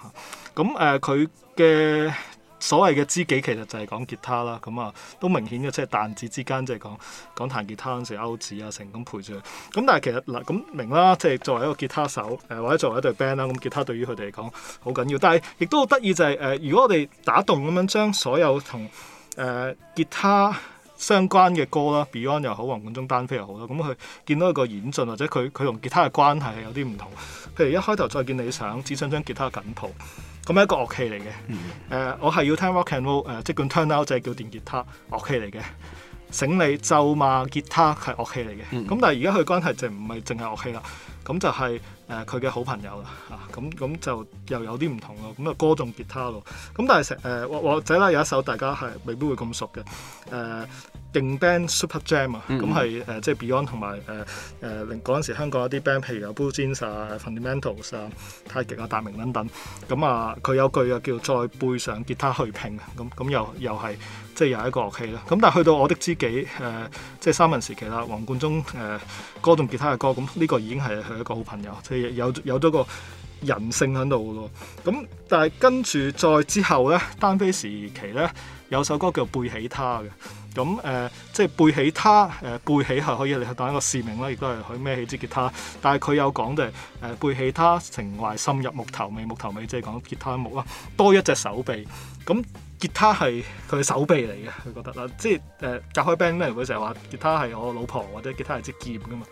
Speaker 3: 咁誒佢嘅所謂嘅知己其實就係講吉他啦，咁啊都明顯嘅即係彈指之間即係講講彈吉他嗰陣時歐子啊成咁陪住，佢。咁但係其實嗱咁明啦，即、就、係、是、作為一個吉他手誒、呃、或者作為一對 band 啦、啊，咁吉他對於佢哋嚟講好緊要，但係亦都好得意就係、是、誒、呃、如果我哋打動咁樣將所有同誒、呃、吉他。相關嘅歌啦，Beyond 又好，黃貫中單飛又好啦。咁佢見到一個演進，或者佢佢同吉他嘅關係係有啲唔同。譬如一開頭再見理想只想將吉他緊抱，咁係一個樂器嚟嘅。誒、嗯呃，我係要聽 rock and roll、呃、即管 turn out 就係叫電吉他樂器嚟嘅。整理咒罵吉他係樂器嚟嘅，咁、嗯、但係而家佢關係就唔係淨係樂器啦，咁就係、是。誒，佢嘅好朋友啦，咁咁就又有啲唔同咯，咁啊歌中吉他咯，咁但係成誒或者啦，有一首大家係未必會咁熟嘅誒。呃勁 band super jam 啊、嗯，咁係誒即係 Beyond 同埋誒誒嗰陣時香港一啲 band，譬如有 Blue Jeans 啊、Fundamentals 啊、太極啊、達明等等，咁、嗯、啊佢有句啊叫再背上吉他去拼啊，咁咁、嗯嗯、又又係即係又一個樂器啦。咁、嗯、但係去到我的知己誒、呃、即係三人時期啦，黃貫中誒、呃、歌同吉他嘅歌，咁、嗯、呢、這個已經係佢一個好朋友，即係有有咗個。人性喺度咯，咁但係跟住再之後咧，單飛時期咧有首歌叫《背起他》嘅，咁誒、呃、即係背、呃、背、背起他誒，背起係可以嚟去當一個使命啦，亦都係佢孭起支吉他，但係佢有講就係誒，背起他情懷深入木頭尾木頭尾，即係講吉他木啦，多一隻手臂，咁吉他係佢嘅手臂嚟嘅，佢覺得啦，即係誒、呃、隔開 band 咧，唔會成日話吉他係我老婆或者吉他係隻劍噶嘛。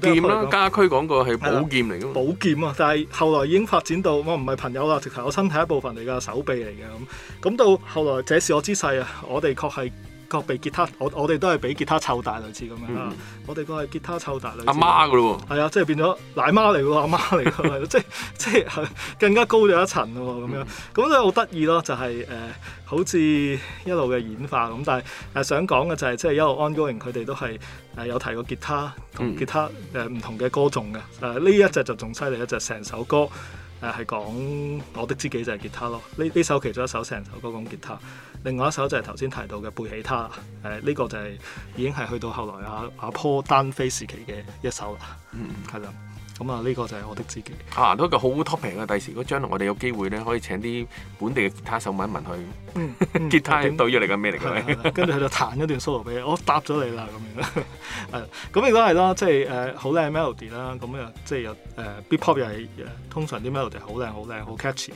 Speaker 3: 劍啦、啊，家
Speaker 1: 駒講過係寶劍嚟噶、啊，寶
Speaker 3: 劍啊！但係後來已經發展到，我唔係朋友啦，直頭我身體一部分嚟噶，手臂嚟嘅。咁。咁到後來展是我姿勢啊，我哋確係。各被吉他，我我哋都係俾吉他湊大，類似咁樣嚇。我哋個係吉他湊大，類似阿媽㗎咯喎。係啊，即係變咗奶媽嚟喎，阿媽嚟㗎，即係即係更加高咗一層喎，咁樣咁都好得意咯。就係、是、誒、呃，好似一路嘅演化咁，但係誒、呃、想講嘅就係、是、即係一路 ongoing 佢哋都係誒、呃、有提過吉他同吉他誒唔、嗯呃、同嘅歌種嘅。呢、呃、一隻就仲犀利一隻，成首歌誒係、呃呃、講我的知己就係吉他咯。呢呢首其中一首成首歌講吉他。另外一首就係頭先提到嘅《背起他》，誒、啊、呢、這個就係、是、已經係去到後來啊阿、啊、坡單飛時期嘅一首啦、嗯，嗯，係啦。咁啊，呢個就係我的知己
Speaker 1: 啊，都、那個好 topic 嘅第時如果將來我哋有機會咧，可以請啲本地嘅吉他手問一問佢，嗯、
Speaker 2: 吉他對住嚟咩嚟力。跟住佢就
Speaker 3: 彈一段 solo 俾我答咗你啦，咁樣誒咁亦都係啦，即係誒好靚 melody 啦。咁又即係有誒 beat pop 又係通常啲 melody 好靚好靚好 catchy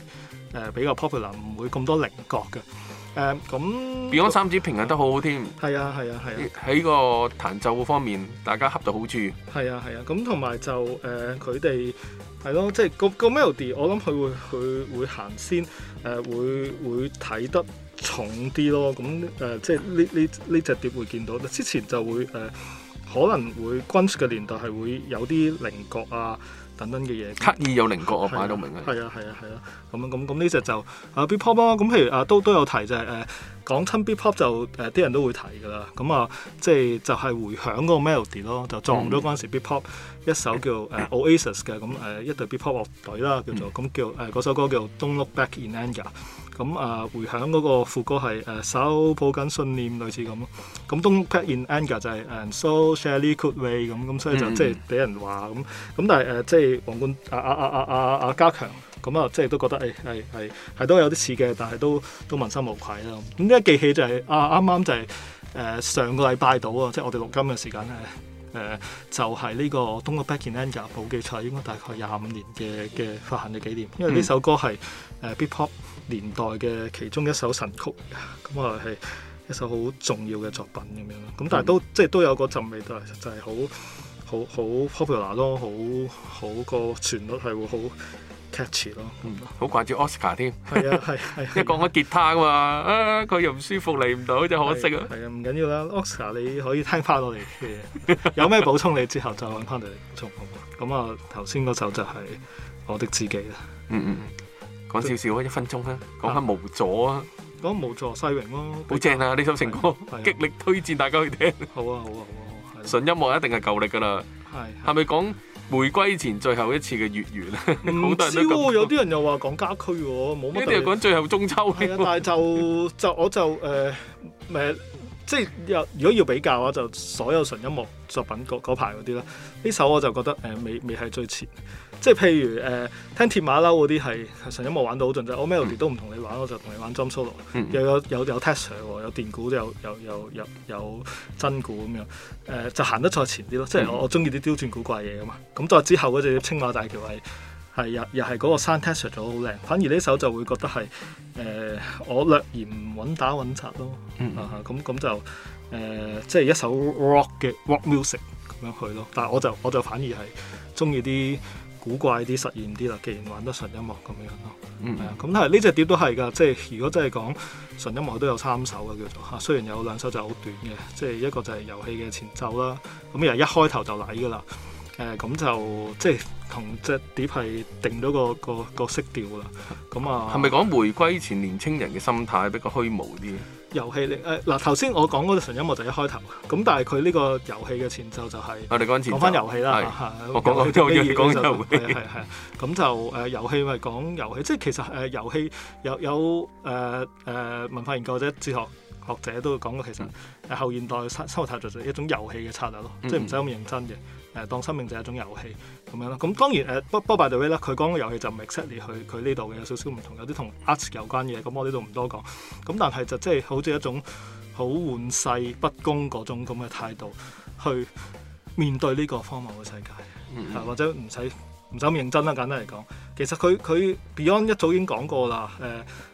Speaker 3: 誒比較 popular，唔會咁多稜角嘅。Uh, wh 誒咁 Beyond 三子平衡得好好添，係啊係啊係
Speaker 1: 啊，喺個彈奏方面，大家恰到好處。
Speaker 3: 係啊係啊，咁同埋就誒佢哋係咯，即係個個 melody，我諗佢會佢會行先誒，會會睇得重啲咯。咁誒，即係呢呢呢隻碟會見到。之前就會誒、呃，可能會 Guns 嘅年代係會有啲稜角啊。等等嘅嘢，刻意有靈覺我睇到明嘅。係啊係啊係啊，咁咁咁呢隻就啊 Britpop 咯，啊。咁譬如啊都都有提就係、是、誒、啊、講親 Britpop 就誒啲、啊、人都會提㗎啦。咁啊即係就係回響嗰個 melody 咯，就撞咗嗰陣時 Britpop 一首叫誒、啊、Oasis 嘅咁誒、啊、一隊 Britpop 樂隊啦，叫做咁、嗯、叫誒嗰、啊、首歌叫 Don't Look Back In Anger。咁啊，迴響嗰個副歌係誒，手抱緊信念，類似咁咯。咁《Don't Look Back In Anger》就係、是、誒，So Sally Can Wait 咁，咁所以就即係俾人話咁。咁但係誒，即係皇冠啊啊啊啊啊啊加強咁啊，即係都覺得誒，係係係都有啲似嘅，但係都都問心無愧啦。咁呢一記起就係、是、啊，啱啱就係、是、誒、呃、上個禮拜到啊，即、就、係、是、我哋錄音嘅時間咧，誒、呃、就係、是、呢、這個《Don't Look Back In Anger》冇記錯，應該大概廿五年嘅嘅發行嘅紀念，因為呢首歌係誒 Britpop。呃年代嘅其中一首神曲，咁啊，係一首好重要嘅作品咁樣咯。咁、嗯、但係都即係都有嗰陣味道，就係就係好好好 popular 咯，好好個旋律係會好 catchy 咯、嗯。好掛住 Oscar 添。係啊，
Speaker 1: 係係，一講
Speaker 3: 開吉他噶嘛，啊佢又唔舒服嚟唔到，就可惜啊。係啊，唔緊要啦，Oscar 你可以聽翻到嚟。有咩補充，你之後再揾翻你補充。好，咁啊，頭先嗰首就係我的自己啦。嗯嗯。嗯講少少啊，一分鐘啊，講下無助啊，講無助世榮咯，好正
Speaker 1: 啊！呢首情歌，極
Speaker 3: 力推薦大家去聽。好啊，好啊，
Speaker 1: 好啊！純音樂一定係夠力噶啦。係，係咪講回歸前最後一次嘅月
Speaker 3: 圓啊？唔知喎，有啲人又話講家駒喎，冇乜。啲人講最後中秋。係啊，但係就就我就誒誒，即係又如果要比較嘅話，就所有純音樂作品嗰排嗰啲啦，呢首我就覺得誒未未係最前。即係譬如誒、呃、聽鐵馬騮嗰啲係純音樂玩到好盡，就我 *music* melody 都唔同你玩，我就同你玩 drum solo 又、嗯、有有有 tessell 有電鼓，有有有有有真鼓咁樣誒、呃，就行得再前啲咯。即係我我中意啲刁轉古怪嘢噶嘛。咁再之後嗰隻青馬大橋係係又又係嗰個山 t e s s e r 咗好靚，反而呢首就會覺得係誒、呃、我略嫌唔穩打穩紮咯、嗯、啊！咁咁就誒、呃、即係一首 rock 嘅 rock music 咁樣去咯。但係我就我就反而係中意啲。古怪啲、實驗啲啦，既然玩得純音樂咁樣咯，係啊、嗯嗯、咁、嗯、但係呢隻碟都係噶，即係如果真係講純音樂都有三首嘅，叫做嚇，雖然有兩首就好短嘅，即係一個就係遊戲嘅前奏啦，咁、嗯、又一開頭就嚟㗎啦，誒、嗯、咁、嗯、就即係同隻碟係定咗個個個色調啦，咁啊係咪講
Speaker 1: 回歸前年青人嘅心態比較虛無啲？
Speaker 3: 遊戲你嗱頭先我講嗰段純音樂就一開頭，咁但係佢呢個遊戲嘅前奏就係我哋講前翻遊戲啦是、啊、我講講先我講遊係係就遊戲咪講遊戲，即係其實誒遊戲有有誒誒文化研究者、哲學學者都講過其實誒、嗯嗯、後現代生生活態度就係一種遊戲嘅策略咯，即係唔使咁認真嘅。嗯嗯誒當生命就係一種遊戲咁樣咯，咁當然誒《Bob b 佢講嘅遊戲就唔係《Settle》佢呢度嘅，有少少唔同，有啲同 arts 有關嘅嘢。咁我呢度唔多講。咁但係就即係好似一種好玩世不恭嗰種咁嘅態度去面對呢個荒謬嘅世界，mm hmm. 或者唔使唔使咁認真啦。簡單嚟講，其實佢佢 Beyond 一早已經講過啦，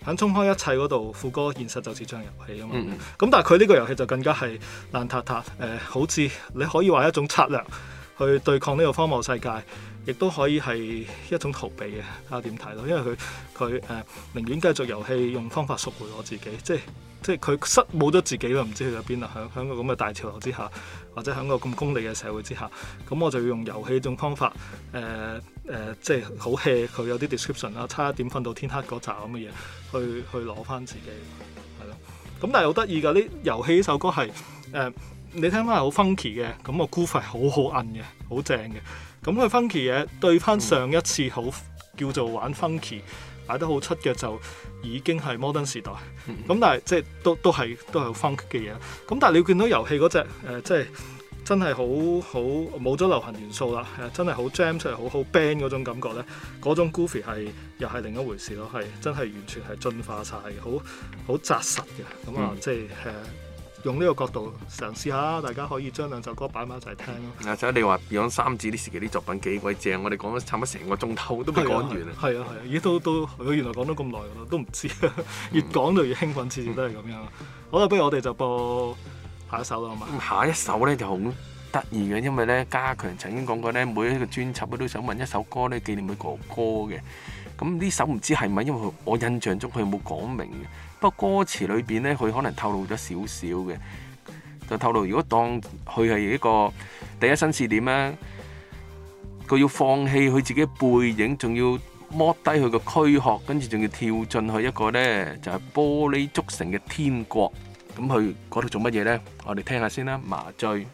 Speaker 3: 誒喺衝開一切嗰度，副歌現實就似場遊戲啊嘛。咁、mm hmm. 但係佢呢個遊戲就更加係爛塌塌，誒、呃、好似你可以話一種策略。去對抗呢個荒謬世界，亦都可以係一種逃避嘅，睇下點睇咯。因為佢佢誒寧願繼續遊戲，用方法贖回我自己，即係即係佢失冇咗自己咯，唔知去咗邊啊！響響個咁嘅大潮流之下，或者響個咁功利嘅社會之下，咁我就要用遊戲呢種方法誒誒、呃呃，即係好 hea 佢有啲 description 啦，差一點瞓到天黑嗰集咁嘅嘢，去去攞翻自己係咯。咁但係好得意㗎，呢遊戲呢首歌係誒。呃你聽翻係好 funky 嘅，咁個 groove 係好好摁嘅，好正嘅。咁佢 funky 嘢對翻上一次好叫做玩 funky，擺得好出嘅就已經係摩登時代。咁但係即係都都係都係好 funk 嘅嘢。咁但係你見到遊戲嗰隻誒，即、呃、係真係好好冇咗流行元素啦。真係好 jam 出嚟，好好 ban 嗰種感覺呢嗰種 groove 係又係另一回事咯。係真係完全係進化晒，好好扎實嘅。咁、那、啊、個嗯呃，即係誒。Uh, 用呢個角度嘗試下，大家可以將兩首歌擺埋一齊聽咯。
Speaker 1: 阿仔、啊，你話 Beyond 三子啲時期啲作品幾鬼正，我哋講咗差唔多成個鐘
Speaker 3: 頭都未講完啊。係啊係啊，咦、啊啊、都都，原來講咗咁耐咯，都唔知越講就越興奮，次次都係咁樣。嗯、好啦，不如我哋就播下一首啦，好嘛？下一首咧就
Speaker 1: 好得意嘅，因為咧加強曾經講過咧，每一個專輯都想問一首歌咧紀念佢哥哥嘅。咁、嗯、呢首唔知係咪，因為我印象中佢冇講明。不過歌詞裏邊咧，佢可能透露咗少少嘅，就透露如果當佢係一個第一身視點咧，佢要放棄佢自己背影，仲要剝低佢個軀殼，跟住仲要跳進去一個咧就係玻璃築成嘅天國，咁去嗰度做乜嘢咧？我哋聽下先啦，麻醉。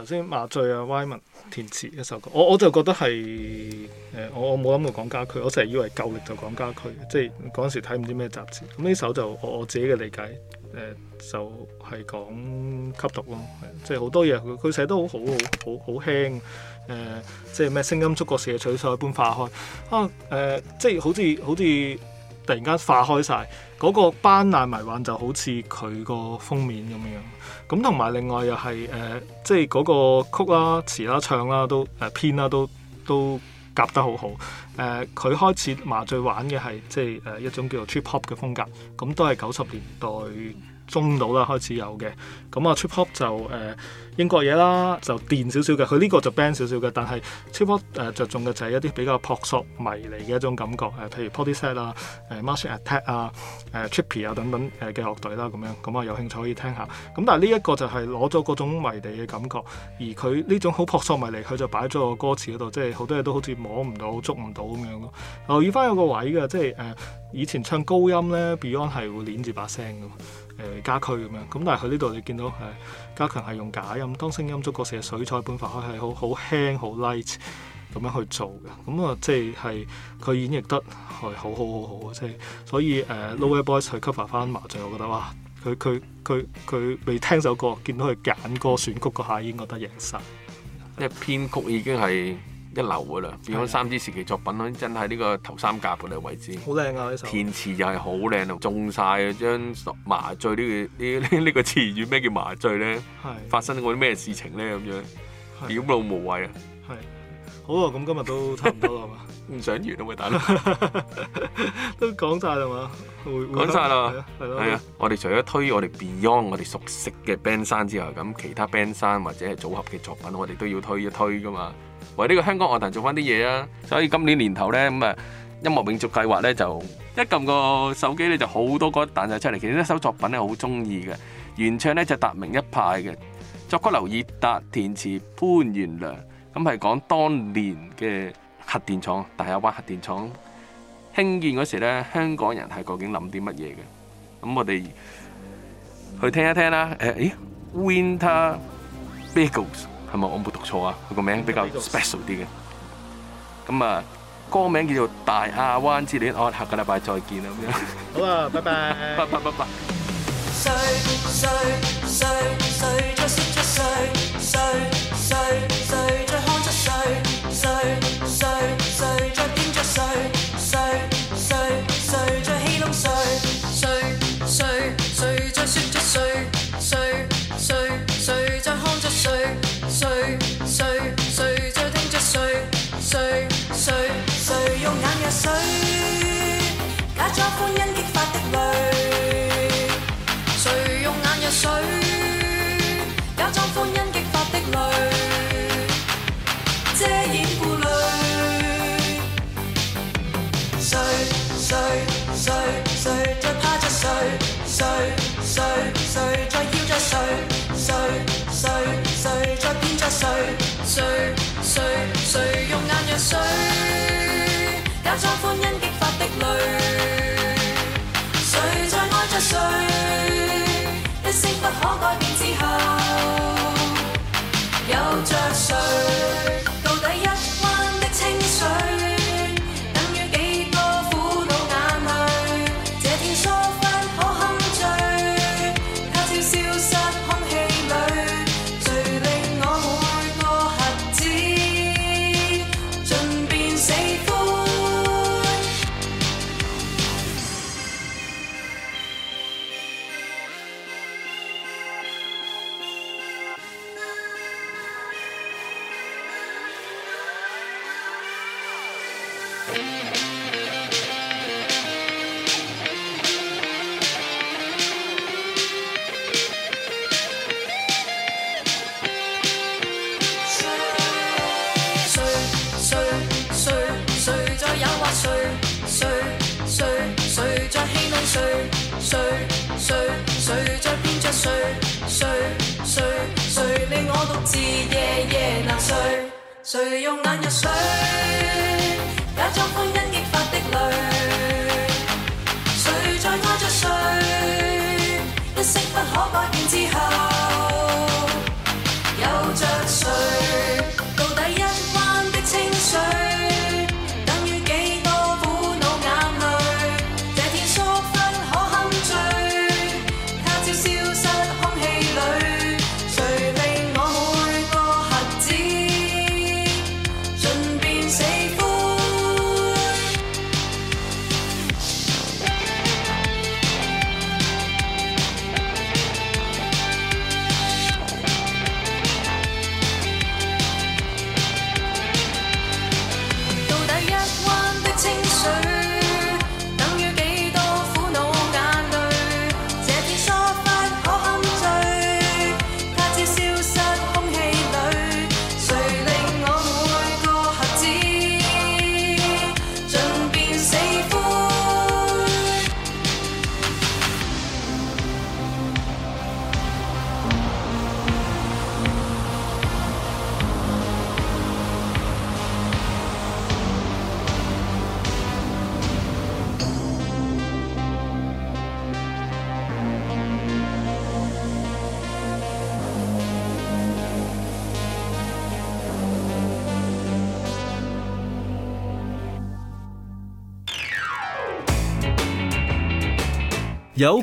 Speaker 3: 頭先麻醉啊，Wyman 填詞一首歌，我我就覺得係誒、呃，我我冇諗過講家駒，我成日以為舊力就講家駒，即係嗰陣時睇唔知咩雜誌。咁呢首就我我自己嘅理解誒、呃，就係、是、講吸毒咯，即係好多嘢佢寫得好好，好好，好，好，好輕誒、呃，即係咩聲音觸覺攝取所，所一般化開啊誒、呃，即係好似好似突然間化開晒，嗰、那個斑斕迷幻，就好似佢個封面咁樣。咁同埋另外又係誒，即係嗰個曲啦、詞啦、唱啦都誒、呃、編啦、啊、都都夾得好好。誒、呃，佢開始麻醉玩嘅係即係誒、呃、一種叫做 trip hop 嘅風格，咁、嗯、都係九十年代。中到啦，開始有嘅咁啊。Trip Hop 就誒、呃、英國嘢啦，就電少少嘅。佢呢個就 band 少少嘅，但係 Trip Hop 着、呃、重嘅就係一啲比較撲朔迷離嘅一種感覺譬、呃、如 Portishead 啊、呃、Massive Attack 啊、呃、誒 Tricky 啊等等嘅樂隊啦咁樣。咁啊，有興趣可以聽下。咁但係呢一個就係攞咗嗰種迷離嘅感覺，而佢呢種好撲朔迷離，佢就擺咗個歌詞嗰度，即係好多嘢都好似摸唔到、捉唔到咁樣咯。留意翻有個位嘅，即係誒、呃、以前唱高音呢 Beyond 係會捏住把聲㗎。誒家駒咁樣，咁但係佢呢度你見到係加強係用假音，當聲音足夠時，水彩本法，佢係好好輕好 light 咁樣去做嘅，咁、嗯、啊即係佢演繹得係好好好好嘅，即係所以誒、呃、Lower Boys 去 cover 翻麻雀，我覺得哇，佢佢佢佢未聽首歌，見到佢揀歌選曲嗰下已經覺得贏曬，因為編曲已
Speaker 1: 經係。一流噶啦，變咗三之時期作品，真係呢個頭三甲嘅位置。好
Speaker 3: 靚啊！呢首填
Speaker 1: 詞又係好靚啊，中晒啊。將麻醉呢？呢呢個詞語咩叫麻醉咧？係發生過啲咩事情咧？咁樣表露無遺啊！係
Speaker 3: 好啊！咁今日都差唔多啦嘛，唔想完都咪打啦，都講晒啦嘛，講晒啦，係啊！
Speaker 1: 我哋除咗推我哋 Beyond 我哋熟悉嘅 Band 山之外，咁其他 Band 山或者係組合嘅作品，我哋都要推一推噶嘛。為呢個香港樂壇做翻啲嘢啦，所以今年年頭咧咁啊，音樂永續計劃咧就一撳個手機咧就好多歌彈曬出嚟，其實一首作品咧好中意嘅，原唱咧就達明一派嘅，作曲劉以達，填詞潘源良，咁係講當年嘅核電廠，大亞灣核電廠興建嗰時咧，香港人係究竟諗啲乜嘢嘅？咁我哋去聽一聽啦。誒，Winter Beagles。係咪我冇讀錯啊？佢個名比較 special 啲嘅。咁啊，歌名叫做《大亞灣之戀》。我下個禮拜
Speaker 3: 再見啦。 *laughs* 咁樣好啊，拜拜。拜拜拜拜。
Speaker 4: 誰誰誰誰在騙著誰？誰誰誰誰用眼藥水，假裝歡欣激發的淚。誰在愛着誰？一聲不可改變之下。誰用眼入水？